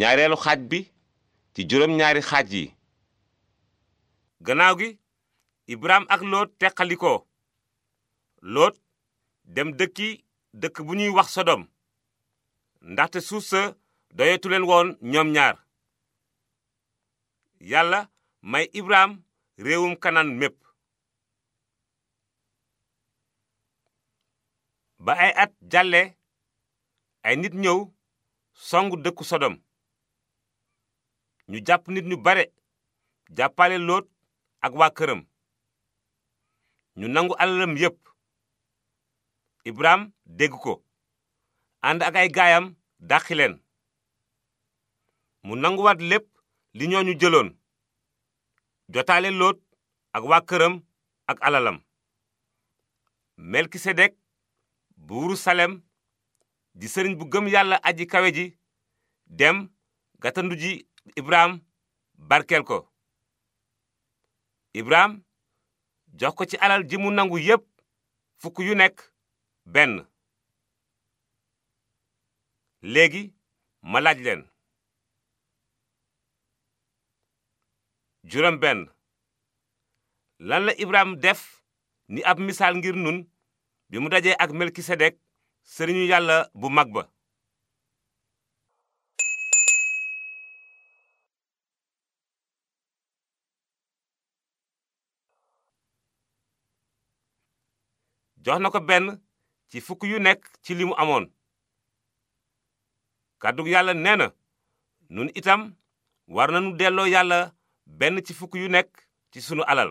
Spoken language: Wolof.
ñaareelu xaaj bi ci juróom-ñaari xaaj yi gannaaw gi ibraam ak loot teqalikoo loot dem dëkki dëkk bu ñuy wax sodom ndaxte suuf sa doyetu leen woon ñoom ñaar yàlla may ibraam réewum kanaan mépp ba ay at jàlle ay nit ñëw songu dëkku sodom ñu jàpp nit ñu bare jàppale loot ak waa këram ñu nangu alalam yépp ibrahim dégg ko ànd ak ay gaayam dàqi mu nanguwaat lépp li ñu jëloon jotaale loot ak waa këram ak alalam melkisedek buuru salem di sëriñ bu gëm yàlla aji kawe ji dem gatandu ji Ibrahim barkeel ko Ibrahim jox ko ci alal ji mu nangu yépp fukk yu nekk benn léegi ma laaj leen juróom benn lan la Ibrahim def ni ab misaal ngir nun bi mu dajee ak Melkisedek sëriñu yàlla bu mag ba jox na ko benn ci fukk yu nekk ci li mu amoon kàddug yàlla nee na nun itam war nañu delloo yàlla benn ci fukk yu nekk ci sunu alal